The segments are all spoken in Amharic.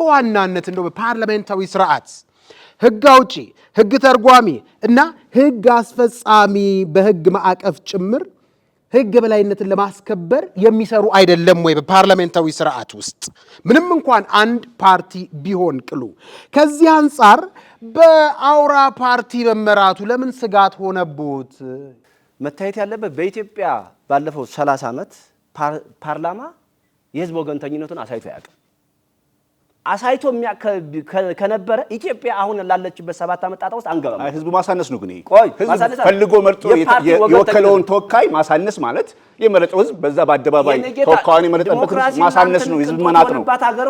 በዋናነት እንደው በፓርላሜንታዊ ስርዓት ህግ አውጪ፣ ህግ ተርጓሚ እና ህግ አስፈጻሚ በህግ ማዕቀፍ ጭምር ህግ በላይነትን ለማስከበር የሚሰሩ አይደለም ወይ? በፓርላሜንታዊ ስርዓት ውስጥ ምንም እንኳን አንድ ፓርቲ ቢሆን ቅሉ። ከዚህ አንጻር በአውራ ፓርቲ መመራቱ ለምን ስጋት ሆነቦት? መታየት ያለበት በኢትዮጵያ ባለፈው 30 ዓመት ፓርላማ የህዝብ ወገንተኝነቱን አሳይቶ አያውቅም። አሳይቶ ከነበረ ኢትዮጵያ አሁን ላለችበት ሰባት ዓመት ጣጣ ውስጥ አንገባም። ህዝቡ ማሳነስ ነው። ግን ቆይ ፈልጎ መርጦ የወከለውን ተወካይ ማሳነስ ማለት የመረጠው ህዝብ በዛ በአደባባይ ተወካዩን የመረጠበት ማሳነስ ነው። ህዝብ መናቅ ነው። ሀገር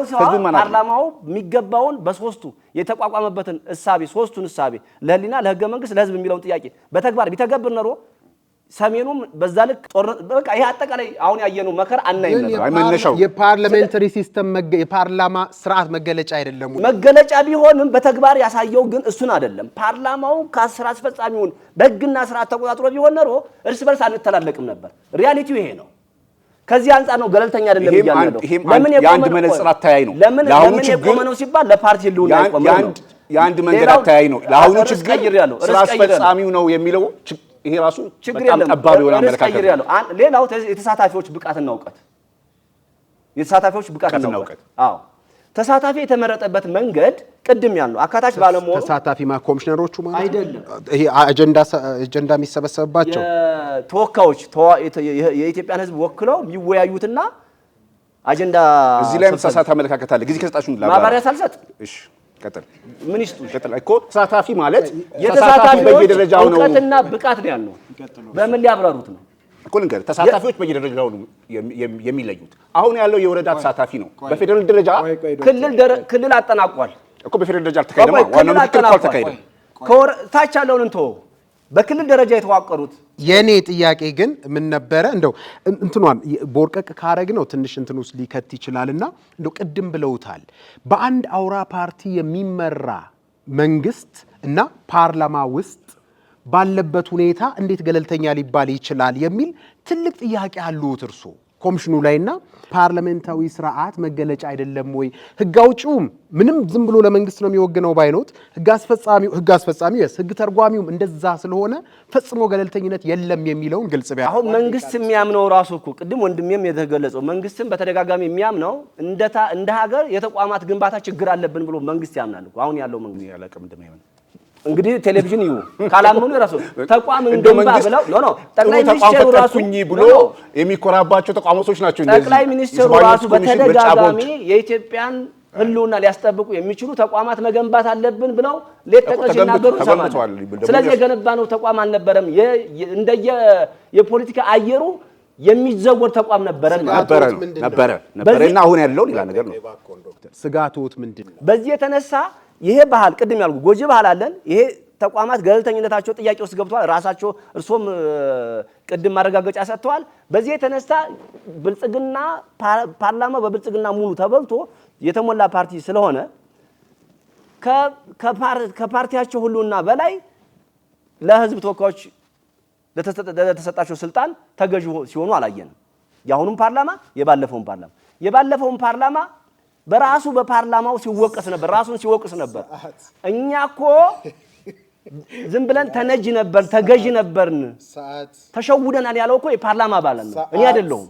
ፓርላማው የሚገባውን በሶስቱ የተቋቋመበትን እሳቤ ሶስቱን እሳቤ ለህሊና፣ ለህገ መንግስት፣ ለህዝብ የሚለውን ጥያቄ በተግባር ቢተገብር ኖሮ ሰሜኑም በዛ ልክ በቃ ይሄ አጠቃላይ አሁን ያየነው መከር አናይም ነበር። የፓርላሜንተሪ ሲስተም የፓርላማ ስርዓት መገለጫ አይደለም። መገለጫ ቢሆንም በተግባር ያሳየው ግን እሱን አይደለም። ፓርላማው ከስራ አስፈጻሚውን በህግና ስርዓት ተቆጣጥሮ ቢሆን ኖሮ እርስ በርስ አንተላለቅም ነበር። ሪያሊቲው ይሄ ነው። ከዚህ አንጻር ነው ገለልተኛ አይደለም እያለው። ለምን የአንድ መነጽር አተያይ ነው። ለምን የቆመ ነው ሲባል ለፓርቲ ህልውና የቆመ ነው። የአንድ መንገድ አተያይ ነው። ለአሁኑ ችግር ስራ አስፈጻሚው ነው የሚለው ይሄ ራሱ ችግር የለም። ጠባብ የሆነ አመለካከት ያለው። ሌላው የተሳታፊዎች ብቃትና እውቀት የተሳታፊዎች ብቃትና እውቀት። አዎ ተሳታፊ የተመረጠበት መንገድ ቅድም ያልነው አካታች ባለመሆኑ ተሳታፊ ማ ኮሚሽነሮቹ ማለት አይደለም። ይሄ አጀንዳ አጀንዳ የሚሰበሰብባቸው ተወካዮች የኢትዮጵያን ሕዝብ ወክለው የሚወያዩትና አጀንዳ እዚህ ላይ ተሳሳተ አመለካከት አለ ጊዜ ከሰጣችሁ ማብራሪያ ሳልሰጥ እሺ ምን ይስጡ እኮ ተሳታፊ ማለት የተሳታፊ በየደረጃው ነው። እውቀትና ብቃት ነው ያለው። በምን ሊያብራሩት ነው እኮ ልንገርህ። ተሳታፊዎች በየደረጃው ነው የሚለዩት። አሁን ያለው የወረዳ ተሳታፊ ነው። በፌዴራል ደረጃ ክልል አጠናቋል እኮ በፌዴራል ደረጃ አልተካሄደም። ዋናው ምክክር እኮ አልተካሄደም። ታች ያለውን እንተወው በክልል ደረጃ የተዋቀሩት። የእኔ ጥያቄ ግን ምን ነበረ እንደው እንትኗን ቦርቀቅ ካረግ ነው ትንሽ እንትን ውስጥ ሊከት ይችላልና እንደው ቅድም ብለውታል በአንድ አውራ ፓርቲ የሚመራ መንግስት እና ፓርላማ ውስጥ ባለበት ሁኔታ እንዴት ገለልተኛ ሊባል ይችላል የሚል ትልቅ ጥያቄ አሉት እርሶ። ኮሚሽኑ ላይና ፓርላሜንታዊ ስርዓት መገለጫ አይደለም ወይ? ህግ አውጪውም ምንም ዝም ብሎ ለመንግስት ነው የሚወግነው ባይኖት ህግ አስፈጻሚው ህግ አስፈጻሚው የስ ህግ ተርጓሚውም እንደዛ ስለሆነ ፈጽሞ ገለልተኝነት የለም የሚለውን ግልጽ ቢያ አሁን መንግስት የሚያምነው ራሱ እኮ ቅድም ወንድሜም የተገለጸው መንግስትም በተደጋጋሚ የሚያምነው እንደ ሀገር የተቋማት ግንባታ ችግር አለብን ብሎ መንግስት ያምናል እኮ አሁን ያለው መንግስት እንግዲህ ቴሌቪዥን ይዩ ካላመኑ የራሱ ተቋም እንገንባ ብለው ኖ ኖ ጠቅላይ ሚኒስትሩ ራሱ ብሎ የሚኮራባቸው ተቋሞች ናቸው። ጠቅላይ ሚኒስትሩ ራሱ በተደጋጋሚ የኢትዮጵያን ህልውና ሊያስጠብቁ የሚችሉ ተቋማት መገንባት አለብን ብለው ሌት ተቀን ሲናገሩ ሰማል። ስለዚህ የገነባነው ተቋም አልነበረም። እንደየ የፖለቲካ አየሩ የሚዘወር ተቋም ነበረ ነበረ ነበረ እና አሁን ያለው ሌላ ነገር ነው። ስጋቱት ምንድን ነው? በዚህ የተነሳ ይሄ ባህል ቅድም ያልኩ ጎጂ ባህል አለን። ይሄ ተቋማት ገለልተኝነታቸው ጥያቄ ውስጥ ገብተዋል። ራሳቸው እርሶም ቅድም ማረጋገጫ ሰጥተዋል። በዚህ የተነሳ ብልጽግና ፓርላማው በብልጽግና ሙሉ ተበልቶ የተሞላ ፓርቲ ስለሆነ ከፓርቲያቸው ሁሉና በላይ ለህዝብ ተወካዮች ለተሰጣቸው ስልጣን ተገዥ ሲሆኑ አላየንም። የአሁኑም ፓርላማ የባለፈውን ፓርላማ የባለፈውን ፓርላማ በራሱ በፓርላማው ሲወቀስ ነበር፣ ራሱን ሲወቅስ ነበር። እኛ እኮ ዝም ብለን ተነጅ ነበር፣ ተገዥ ነበርን፣ ተሸውደናል ያለው እኮ የፓርላማ አባል ነው፣ እኔ አይደለሁም።